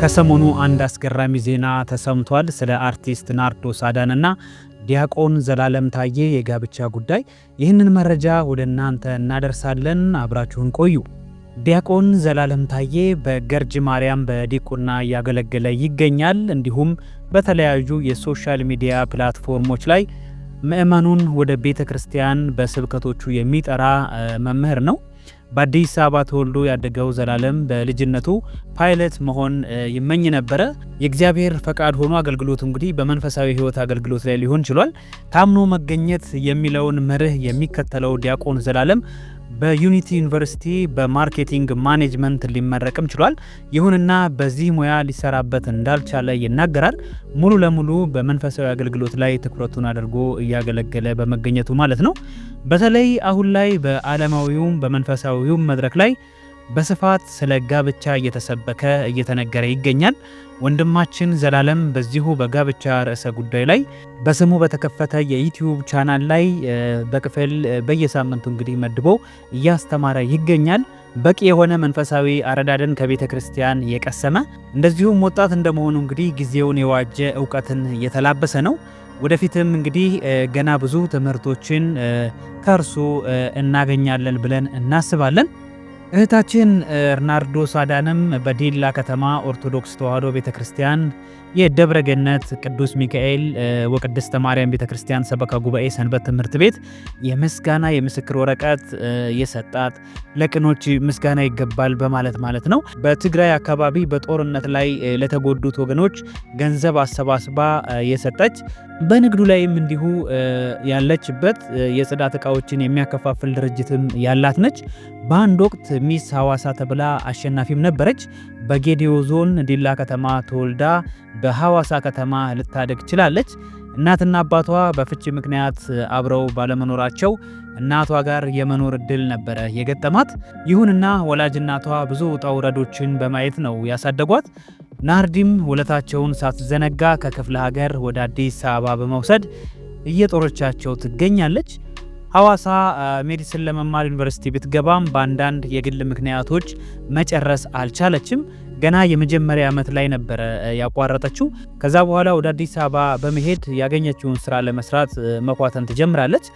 ከሰሞኑ አንድ አስገራሚ ዜና ተሰምቷል። ስለ አርቲስት ናርዶስ አዳነና ዲያቆን ዘላለም ታዬ የጋብቻ ጉዳይ። ይህንን መረጃ ወደ እናንተ እናደርሳለን። አብራችሁን ቆዩ። ዲያቆን ዘላለም ታዬ በገርጅ ማርያም በዲቁና እያገለገለ ይገኛል። እንዲሁም በተለያዩ የሶሻል ሚዲያ ፕላትፎርሞች ላይ ምዕመኑን ወደ ቤተ ክርስቲያን በስብከቶቹ የሚጠራ መምህር ነው። በአዲስ አበባ ተወልዶ ያደገው ዘላለም በልጅነቱ ፓይለት መሆን ይመኝ ነበረ። የእግዚአብሔር ፈቃድ ሆኖ አገልግሎቱ እንግዲህ በመንፈሳዊ ሕይወት አገልግሎት ላይ ሊሆን ችሏል። ታምኖ መገኘት የሚለውን መርህ የሚከተለው ዲያቆን ዘላለም በዩኒቲ ዩኒቨርሲቲ በማርኬቲንግ ማኔጅመንት ሊመረቅም ችሏል። ይሁንና በዚህ ሙያ ሊሰራበት እንዳልቻለ ይናገራል። ሙሉ ለሙሉ በመንፈሳዊ አገልግሎት ላይ ትኩረቱን አድርጎ እያገለገለ በመገኘቱ ማለት ነው። በተለይ አሁን ላይ በዓለማዊውም በመንፈሳዊውም መድረክ ላይ በስፋት ስለ ጋብቻ እየተሰበከ እየተነገረ ይገኛል። ወንድማችን ዘላለም በዚሁ በጋብቻ ርዕሰ ጉዳይ ላይ በስሙ በተከፈተ የዩትዩብ ቻናል ላይ በክፍል በየሳምንቱ እንግዲህ መድቦ እያስተማረ ይገኛል። በቂ የሆነ መንፈሳዊ አረዳድን ከቤተ ክርስቲያን የቀሰመ እንደዚሁም ወጣት እንደመሆኑ እንግዲህ ጊዜውን የዋጀ እውቀትን የተላበሰ ነው። ወደፊትም እንግዲህ ገና ብዙ ትምህርቶችን ከእርሱ እናገኛለን ብለን እናስባለን። እህታችን ርናርዶስ አዳነም በዲላ ከተማ ኦርቶዶክስ ተዋህዶ ቤተ ክርስቲያን የደብረ ገነት ቅዱስ ሚካኤል ወቅድስተ ማርያም ቤተ ክርስቲያን ሰበካ ጉባኤ ሰንበት ትምህርት ቤት የምስጋና የምስክር ወረቀት የሰጣት ለቅኖች ምስጋና ይገባል በማለት ማለት ነው። በትግራይ አካባቢ በጦርነት ላይ ለተጎዱት ወገኖች ገንዘብ አሰባስባ የሰጠች በንግዱ ላይም እንዲሁ ያለችበት የጽዳት እቃዎችን የሚያከፋፍል ድርጅትም ያላት ነች። በአንድ ወቅት ሚስ ሐዋሳ ተብላ አሸናፊም ነበረች። በጌዲዮ ዞን ዲላ ከተማ ተወልዳ በሐዋሳ ከተማ ልታደግ ችላለች። እናትና አባቷ በፍቺ ምክንያት አብረው ባለመኖራቸው እናቷ ጋር የመኖር እድል ነበረ የገጠማት። ይሁንና ወላጅ እናቷ ብዙ ውጣ ውረዶችን በማየት ነው ያሳደጓት። ናርዲም ውለታቸውን ሳትዘነጋ ከክፍለ ሀገር ወደ አዲስ አበባ በመውሰድ እየጦረቻቸው ትገኛለች። ሐዋሳ ሜዲሲን ለመማር ዩኒቨርሲቲ ብትገባም በአንዳንድ የግል ምክንያቶች መጨረስ አልቻለችም። ገና የመጀመሪያ ዓመት ላይ ነበረ ያቋረጠችው። ከዛ በኋላ ወደ አዲስ አበባ በመሄድ ያገኘችውን ስራ ለመስራት መኳተን ትጀምራለች።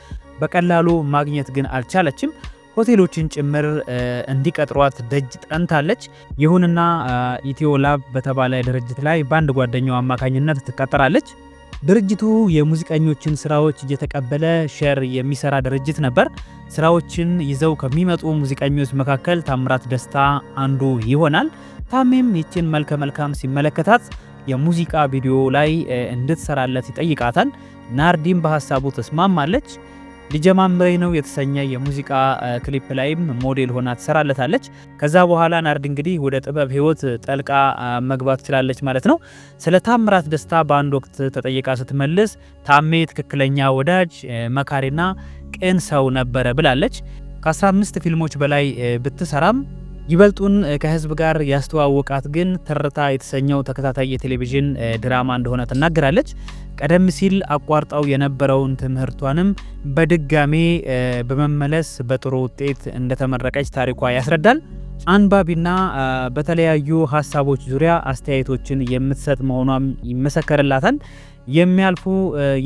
በቀላሉ ማግኘት ግን አልቻለችም። ሆቴሎችን ጭምር እንዲቀጥሯት ደጅ ጠንታለች። ይሁንና ኢትዮ ላብ በተባለ ድርጅት ላይ በአንድ ጓደኛው አማካኝነት ትቀጠራለች። ድርጅቱ የሙዚቀኞችን ስራዎች እየተቀበለ ሼር የሚሰራ ድርጅት ነበር። ስራዎችን ይዘው ከሚመጡ ሙዚቀኞች መካከል ታምራት ደስታ አንዱ ይሆናል። ታሜም ይችን መልከ መልካም ሲመለከታት የሙዚቃ ቪዲዮ ላይ እንድትሰራለት ይጠይቃታል። ናርዲም በሀሳቡ ተስማማለች። ሊጀማምረኝ ነው የተሰኘ የሙዚቃ ክሊፕ ላይም ሞዴል ሆና ትሰራለታለች። ከዛ በኋላ ናርድ እንግዲህ ወደ ጥበብ ህይወት ጠልቃ መግባት ትችላለች ማለት ነው። ስለ ታምራት ደስታ በአንድ ወቅት ተጠይቃ ስትመልስ ታሜ ትክክለኛ ወዳጅ፣ መካሪና ቅን ሰው ነበረ ብላለች። ከ15 ፊልሞች በላይ ብትሰራም ይበልጡን ከህዝብ ጋር ያስተዋወቃት ግን ተረታ የተሰኘው ተከታታይ የቴሌቪዥን ድራማ እንደሆነ ትናገራለች። ቀደም ሲል አቋርጣው የነበረውን ትምህርቷንም በድጋሜ በመመለስ በጥሩ ውጤት እንደተመረቀች ታሪኳ ያስረዳል። አንባቢና በተለያዩ ሀሳቦች ዙሪያ አስተያየቶችን የምትሰጥ መሆኗም ይመሰከርላታል። የሚያልፉ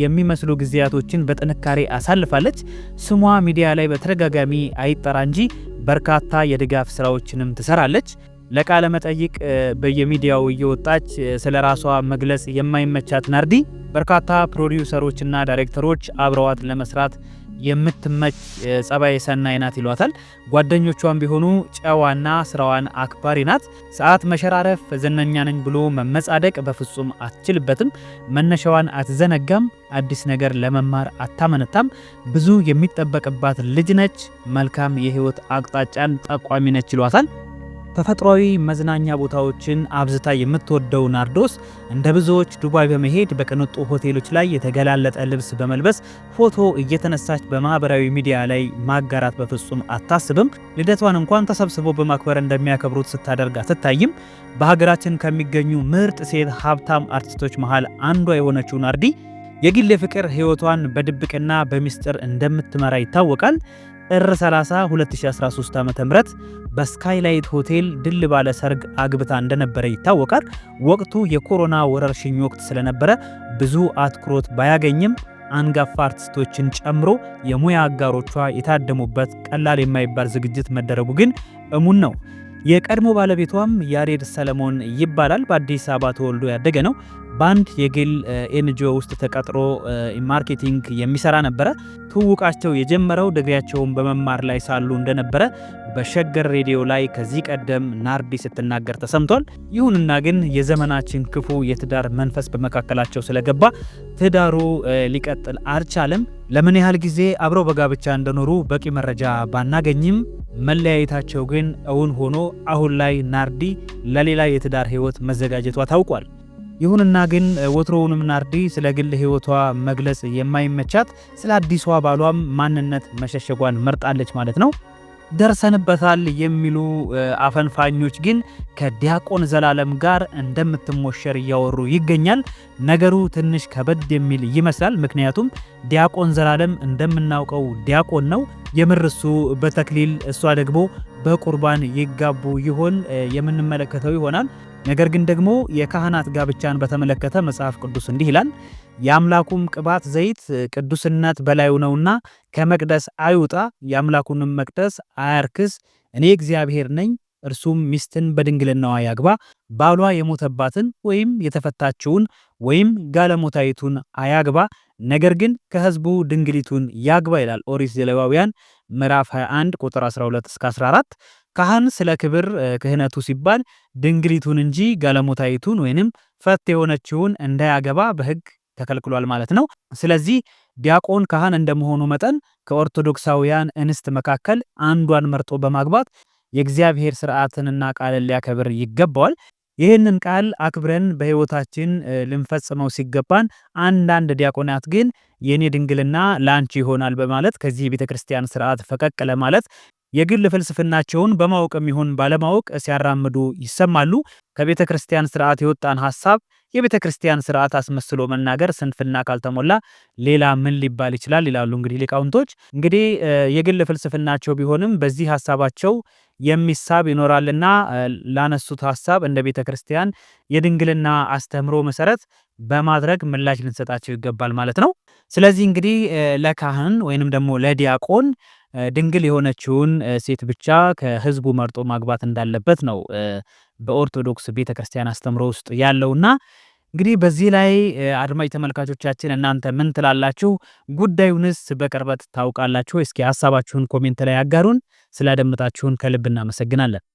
የሚመስሉ ጊዜያቶችን በጥንካሬ አሳልፋለች። ስሟ ሚዲያ ላይ በተደጋጋሚ አይጠራ እንጂ በርካታ የድጋፍ ስራዎችንም ትሰራለች። ለቃለ መጠይቅ በየሚዲያው እየወጣች ስለ ራሷ መግለጽ የማይመቻት ናርዲ በርካታ ፕሮዲውሰሮችና ዳይሬክተሮች አብረዋት ለመስራት የምትመች ጸባይ ሰናይ ናት ይሏታል። ጓደኞቿን ቢሆኑ ጨዋና ስራዋን አክባሪ ናት። ሰዓት መሸራረፍ፣ ዝነኛ ነኝ ብሎ መመጻደቅ በፍጹም አትችልበትም። መነሻዋን አትዘነጋም። አዲስ ነገር ለመማር አታመነታም። ብዙ የሚጠበቅባት ልጅ ነች። መልካም የህይወት አቅጣጫን ጠቋሚ ነች ይሏታል። ተፈጥሯዊ መዝናኛ ቦታዎችን አብዝታ የምትወደው ናርዶስ እንደ ብዙዎች ዱባይ በመሄድ በቅንጡ ሆቴሎች ላይ የተገላለጠ ልብስ በመልበስ ፎቶ እየተነሳች በማህበራዊ ሚዲያ ላይ ማጋራት በፍጹም አታስብም። ልደቷን እንኳን ተሰብስቦ በማክበር እንደሚያከብሩት ስታደርግ አትታይም። በሀገራችን ከሚገኙ ምርጥ ሴት ሀብታም አርቲስቶች መሃል አንዷ የሆነችው ናርዲ የግል ፍቅር ህይወቷን በድብቅና በሚስጥር እንደምትመራ ይታወቃል። ጥር 30 2013 ዓ ም በስካይላይት ሆቴል ድል ባለ ሰርግ አግብታ እንደነበረ ይታወቃል። ወቅቱ የኮሮና ወረርሽኝ ወቅት ስለነበረ ብዙ አትኩሮት ባያገኝም አንጋፋ አርቲስቶችን ጨምሮ የሙያ አጋሮቿ የታደሙበት ቀላል የማይባል ዝግጅት መደረጉ ግን እሙን ነው። የቀድሞ ባለቤቷም ያሬድ ሰለሞን ይባላል። በአዲስ አበባ ተወልዶ ያደገ ነው። በአንድ የግል ኤንጂኦ ውስጥ ተቀጥሮ ማርኬቲንግ የሚሰራ ነበረ። ትውውቃቸው የጀመረው ድግሪያቸውን በመማር ላይ ሳሉ እንደነበረ በሸገር ሬዲዮ ላይ ከዚህ ቀደም ናርዲ ስትናገር ተሰምቷል። ይሁንና ግን የዘመናችን ክፉ የትዳር መንፈስ በመካከላቸው ስለገባ ትዳሩ ሊቀጥል አልቻለም። ለምን ያህል ጊዜ አብረው በጋብቻ እንደኖሩ በቂ መረጃ ባናገኝም መለያየታቸው ግን እውን ሆኖ አሁን ላይ ናርዲ ለሌላ የትዳር ህይወት መዘጋጀቷ ታውቋል። ይሁንና ግን ወትሮውንም ናርዲ ስለ ግል ህይወቷ መግለጽ የማይመቻት ስለ አዲሷ ባሏም ማንነት መሸሸጓን መርጣለች ማለት ነው። ደርሰንበታል የሚሉ አፈንፋኞች ግን ከዲያቆን ዘላለም ጋር እንደምትሞሸር እያወሩ ይገኛል። ነገሩ ትንሽ ከበድ የሚል ይመስላል። ምክንያቱም ዲያቆን ዘላለም እንደምናውቀው ዲያቆን ነው። የምር እሱ በተክሊል እሷ ደግሞ በቁርባን ይጋቡ ይሆን የምንመለከተው ይሆናል። ነገር ግን ደግሞ የካህናት ጋብቻን በተመለከተ መጽሐፍ ቅዱስ እንዲህ ይላል፣ የአምላኩም ቅባት ዘይት ቅዱስነት በላዩ ነውና ከመቅደስ አይውጣ፣ የአምላኩንም መቅደስ አያርክስ። እኔ እግዚአብሔር ነኝ። እርሱም ሚስትን በድንግልናዋ ያግባ፣ ባሏ የሞተባትን ወይም የተፈታችውን ወይም ጋለሞታይቱን አያግባ፣ ነገር ግን ከሕዝቡ ድንግሊቱን ያግባ ይላል ኦሪት ዘሌዋውያን ምዕራፍ 21 ቁጥር 12 እስከ 14። ካህን ስለ ክብር ክህነቱ ሲባል ድንግሊቱን እንጂ ጋለሞታይቱን ወይንም ፈት የሆነችውን እንዳያገባ በሕግ ተከልክሏል ማለት ነው። ስለዚህ ዲያቆን ካህን እንደመሆኑ መጠን ከኦርቶዶክሳውያን እንስት መካከል አንዷን መርጦ በማግባት የእግዚአብሔር ስርዓትንና ቃልን ሊያከብር ይገባዋል። ይህንን ቃል አክብረን በሕይወታችን ልንፈጽመው ሲገባን፣ አንዳንድ ዲያቆናት ግን የእኔ ድንግልና ለአንቺ ይሆናል በማለት ከዚህ የቤተ ክርስቲያን ስርዓት ፈቀቅ ለማለት የግል ፍልስፍናቸውን በማወቅ የሚሆን ባለማወቅ ሲያራምዱ ይሰማሉ። ከቤተ ክርስቲያን ስርዓት የወጣን ሀሳብ የቤተ ክርስቲያን ስርዓት አስመስሎ መናገር ስንፍና ካልተሞላ ሌላ ምን ሊባል ይችላል? ይላሉ እንግዲህ ሊቃውንቶች። እንግዲህ የግል ፍልስፍናቸው ቢሆንም በዚህ ሀሳባቸው የሚሳብ ይኖራልና ላነሱት ሀሳብ እንደ ቤተ ክርስቲያን የድንግልና አስተምሮ መሰረት በማድረግ ምላሽ ልንሰጣቸው ይገባል ማለት ነው። ስለዚህ እንግዲህ ለካህን ወይንም ደግሞ ለዲያቆን ድንግል የሆነችውን ሴት ብቻ ከህዝቡ መርጦ ማግባት እንዳለበት ነው በኦርቶዶክስ ቤተ ክርስቲያን አስተምሮ ውስጥ ያለውና እንግዲህ በዚህ ላይ አድማጭ ተመልካቾቻችን እናንተ ምን ትላላችሁ? ጉዳዩንስ በቅርበት ታውቃላችሁ? እስኪ ሀሳባችሁን ኮሜንት ላይ አጋሩን። ስላደምጣችሁን ከልብ እናመሰግናለን።